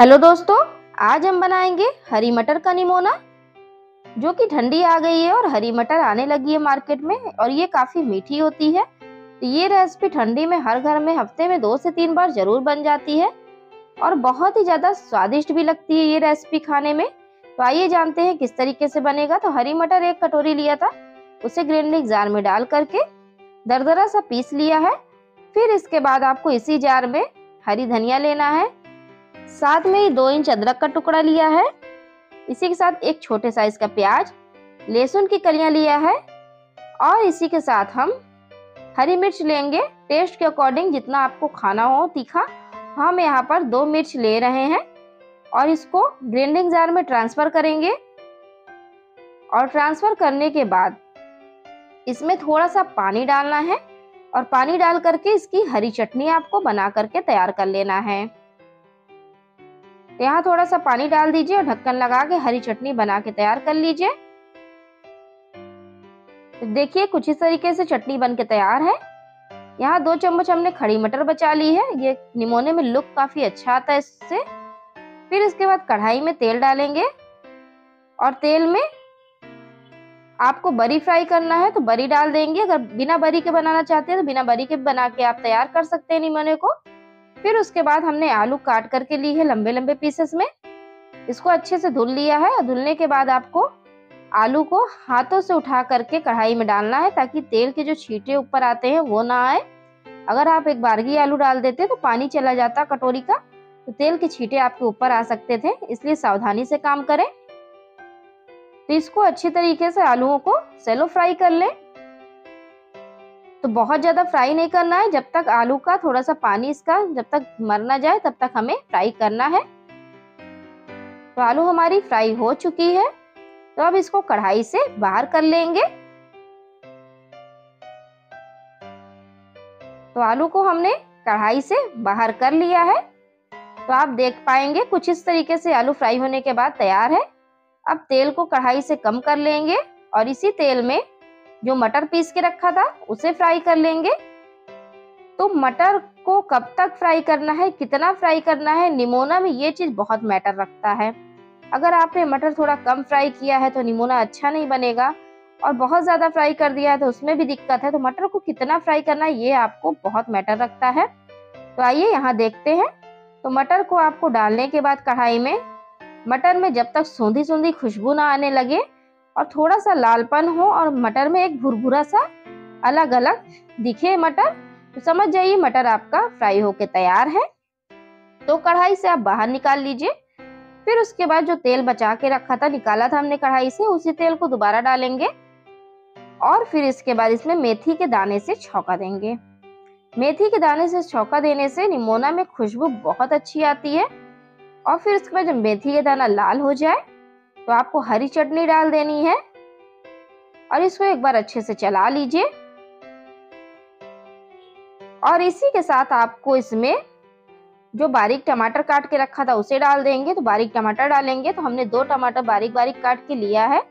hello दोस्तों आज हम बनाएंगे हरी मटर का निमोना जो कि ठंडी आ गई है और हरी मटर आने लगी है मार्केट में और ये काफ़ी मीठी होती है तो ये रेसिपी ठंडी में हर घर में हफ्ते में दो से तीन बार ज़रूर बन जाती है और बहुत ही ज़्यादा स्वादिष्ट भी लगती है ये रेसिपी खाने में तो आइए जानते हैं किस तरीके से बनेगा तो हरी मटर एक कटोरी लिया था उसे ग्रेंडिंग जार में डाल करके दरदरा सा पीस लिया है फिर इसके बाद आपको इसी जार में हरी धनिया लेना है साथ में ही दो इंच अदरक का टुकड़ा लिया है इसी के साथ एक छोटे साइज का प्याज लहसुन की कलियां लिया है और इसी के साथ हम हरी मिर्च लेंगे टेस्ट के अकॉर्डिंग जितना आपको खाना हो तीखा हम यहाँ पर दो मिर्च ले रहे हैं और इसको ग्राइंडिंग जार में ट्रांसफ़र करेंगे और ट्रांसफ़र करने के बाद इसमें थोड़ा सा पानी डालना है और पानी डाल करके इसकी हरी चटनी आपको बना करके तैयार कर लेना है तो यहाँ थोड़ा सा पानी डाल दीजिए और ढक्कन लगा के हरी चटनी बना के तैयार कर लीजिए तो देखिए कुछ इस तरीके से चटनी बन के तैयार है यहाँ दो चम्मच हमने खड़ी मटर बचा ली है ये निमोने में लुक काफी अच्छा आता है इससे फिर इसके बाद कढ़ाई में तेल डालेंगे और तेल में आपको बरी फ्राई करना है तो बरी डाल देंगे अगर बिना बरी के बनाना चाहते हैं तो बिना बरी के बना के आप तैयार कर सकते हैं निमोने को फिर उसके बाद हमने आलू काट करके ली है लंबे लंबे पीसेस में इसको अच्छे से धुल लिया है धुलने के बाद आपको आलू को हाथों से उठा करके कढ़ाई में डालना है ताकि तेल के जो छीटे ऊपर आते हैं वो ना आए अगर आप एक बारगी आलू डाल देते तो पानी चला जाता कटोरी का तो तेल के छीटे आपके ऊपर आ सकते थे इसलिए सावधानी से काम करें तो इसको अच्छे तरीके से आलूओं को सेलो फ्राई कर लें तो बहुत ज़्यादा फ्राई नहीं करना है जब तक आलू का थोड़ा सा पानी इसका जब तक मर ना जाए तब तक हमें फ्राई करना है तो आलू हमारी फ्राई हो चुकी है तो अब इसको कढ़ाई से बाहर कर लेंगे तो आलू को हमने कढ़ाई से बाहर कर लिया है तो आप देख पाएंगे कुछ इस तरीके से आलू फ्राई होने के बाद तैयार है अब तेल को कढ़ाई से कम कर लेंगे और इसी तेल में जो मटर पीस के रखा था उसे फ्राई कर लेंगे तो मटर को कब तक फ्राई करना है कितना फ्राई करना है निमोना में ये चीज़ बहुत मैटर रखता है अगर आपने मटर थोड़ा कम फ्राई किया है तो निमोना अच्छा नहीं बनेगा और बहुत ज़्यादा फ्राई कर दिया है तो उसमें भी दिक्कत है तो मटर को कितना फ्राई करना है ये आपको बहुत मैटर रखता है तो आइए यहाँ देखते हैं तो मटर को आपको डालने के बाद कढ़ाई में मटर में जब तक सूंधी सूंधी खुशबू ना आने लगे और थोड़ा सा लालपन हो और मटर में एक भुरभुरा सा अलग अलग दिखे मटर तो समझ जाइए मटर आपका फ्राई होके तैयार है तो कढ़ाई से आप बाहर निकाल लीजिए फिर उसके बाद जो तेल बचा के रखा था निकाला था हमने कढ़ाई से उसी तेल को दोबारा डालेंगे और फिर इसके बाद इसमें मेथी के दाने से छौका देंगे मेथी के दाने से छौका देने से निमोना में खुशबू बहुत अच्छी आती है और फिर इसके बाद जब मेथी के दाना लाल हो जाए तो आपको हरी चटनी डाल देनी है और इसको एक बार अच्छे से चला लीजिए और इसी के साथ आपको इसमें जो बारीक टमाटर काट के रखा था उसे डाल देंगे तो बारीक टमाटर डालेंगे तो हमने दो टमाटर बारीक बारीक काट के लिया है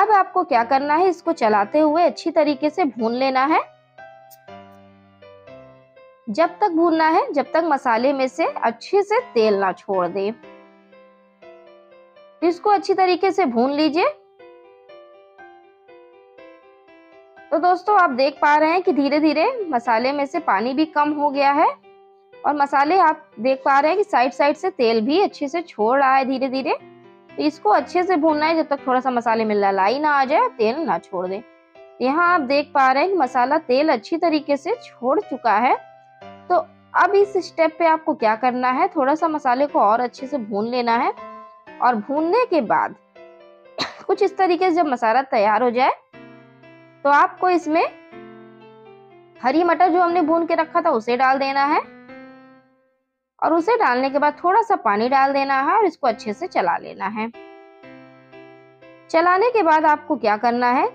अब आपको क्या करना है इसको चलाते हुए अच्छी तरीके से भून लेना है जब तक भूनना है जब तक मसाले में से अच्छे से तेल ना छोड़ दे इसको अच्छी तरीके से भून लीजिए तो दोस्तों आप देख पा रहे हैं कि धीरे धीरे मसाले में से पानी भी कम हो गया है और मसाले आप देख पा रहे हैं कि साइड साइड से तेल भी अच्छे से छोड़ रहा है धीरे धीरे तो इसको अच्छे से भूनना है जब तक थोड़ा सा मसाले में ललाई ना आ जाए तेल ना छोड़ दे यहाँ आप देख पा रहे हैं कि मसाला तेल अच्छी तरीके से छोड़ चुका है तो अब इस स्टेप पे आपको क्या करना है थोड़ा सा मसाले को और अच्छे से भून लेना है और भूनने के बाद कुछ इस तरीके से जब मसाला तैयार हो जाए तो आपको इसमें हरी मटर जो हमने भून के रखा था उसे डाल देना है और उसे डालने के बाद थोड़ा सा पानी डाल देना है और इसको अच्छे से चला लेना है चलाने के बाद आपको क्या करना है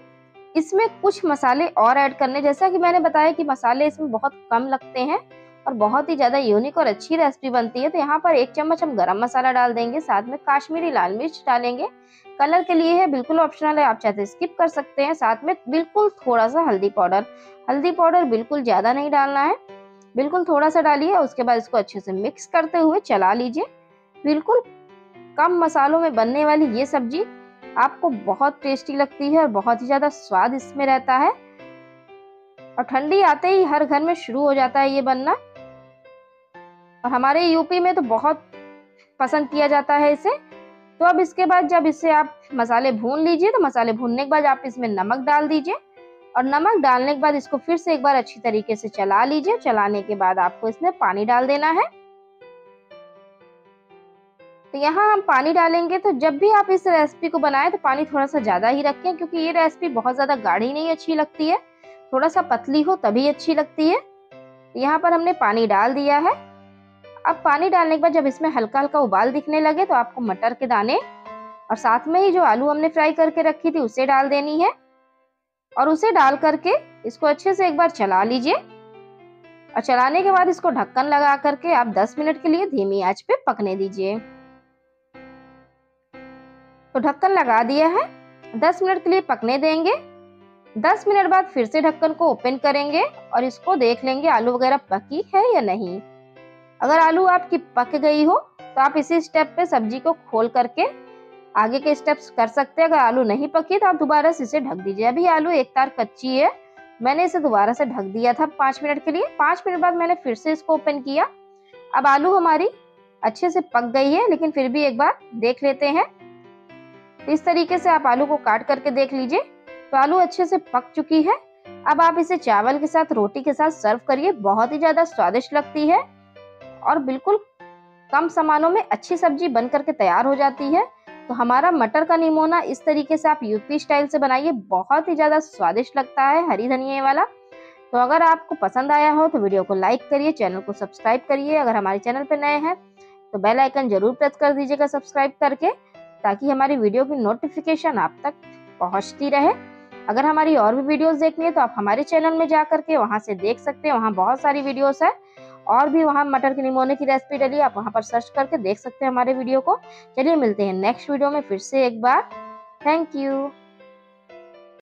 इसमें कुछ मसाले और ऐड करने जैसा कि मैंने बताया कि मसाले इसमें बहुत कम लगते हैं और बहुत ही ज़्यादा यूनिक और अच्छी रेसिपी बनती है तो यहाँ पर एक चम्मच हम गरम मसाला डाल देंगे साथ में काश्मीरी लाल मिर्च डालेंगे कलर के लिए है बिल्कुल ऑप्शनल है आप चाहते स्किप तो कर सकते हैं साथ में बिल्कुल थोड़ा सा हल्दी पाउडर हल्दी पाउडर बिल्कुल ज़्यादा नहीं डालना है बिल्कुल थोड़ा सा डालिए उसके बाद इसको अच्छे से मिक्स करते हुए चला लीजिए बिल्कुल कम मसालों में बनने वाली ये सब्जी आपको बहुत टेस्टी लगती है और बहुत ही ज़्यादा स्वाद इसमें रहता है और ठंडी आते ही हर घर में शुरू हो जाता है ये बनना और हमारे यूपी में तो बहुत पसंद किया जाता है इसे तो अब इसके बाद जब इसे आप मसाले भून लीजिए तो मसाले भूनने के बाद आप इसमें नमक डाल दीजिए और नमक डालने के बाद इसको फिर से एक बार अच्छी तरीके से चला लीजिए चलाने के बाद आपको इसमें पानी डाल देना है तो यहाँ हम पानी डालेंगे तो जब भी आप इस रेसिपी को बनाएं तो पानी थोड़ा सा ज़्यादा ही रखें क्योंकि ये रेसिपी बहुत ज़्यादा गाढ़ी नहीं अच्छी लगती है थोड़ा सा पतली हो तभी अच्छी लगती है यहाँ पर हमने पानी डाल दिया है अब पानी डालने के बाद जब इसमें हल्का हल्का उबाल दिखने लगे तो आपको मटर के दाने और साथ में ही जो आलू हमने फ्राई करके रखी थी उसे डाल देनी है और उसे डाल करके इसको अच्छे से एक बार चला लीजिए और चलाने के बाद इसको ढक्कन लगा करके आप 10 मिनट के लिए धीमी आंच पे पकने दीजिए तो ढक्कन लगा दिया है 10 मिनट के लिए पकने देंगे 10 मिनट बाद फिर से ढक्कन को ओपन करेंगे और इसको देख लेंगे आलू वगैरह पकी है या नहीं अगर आलू आपकी पक गई हो तो आप इसी स्टेप पे सब्जी को खोल करके आगे के स्टेप्स कर सकते हैं अगर आलू नहीं पकी तो आप दोबारा से इसे ढक दीजिए अभी आलू एक तार कच्ची है मैंने इसे दोबारा से ढक दिया था पाँच मिनट के लिए पाँच मिनट बाद मैंने फिर से इसको ओपन किया अब आलू हमारी अच्छे से पक गई है लेकिन फिर भी एक बार देख लेते हैं इस तरीके से आप आलू को काट करके देख लीजिए तो आलू अच्छे से पक चुकी है अब आप इसे चावल के साथ रोटी के साथ सर्व करिए बहुत ही ज्यादा स्वादिष्ट लगती है और बिल्कुल कम सामानों में अच्छी सब्जी बन करके तैयार हो जाती है तो हमारा मटर का निमोना इस तरीके से आप यूपी स्टाइल से बनाइए बहुत ही ज़्यादा स्वादिष्ट लगता है हरी धनिया वाला तो अगर आपको पसंद आया हो तो वीडियो को लाइक करिए चैनल को सब्सक्राइब करिए अगर हमारे चैनल पर नए हैं तो बेल आइकन जरूर प्रेस कर दीजिएगा सब्सक्राइब करके ताकि हमारी वीडियो की नोटिफिकेशन आप तक पहुंचती रहे अगर हमारी और भी वीडियोस देखनी है तो आप हमारे चैनल में जा करके वहाँ से देख सकते हैं वहाँ बहुत सारी वीडियोस है और भी वहाँ मटर के निमोने की रेसिपी डाली आप वहाँ पर सर्च करके देख सकते हैं हमारे वीडियो को चलिए मिलते हैं नेक्स्ट वीडियो में फिर से एक बार थैंक यू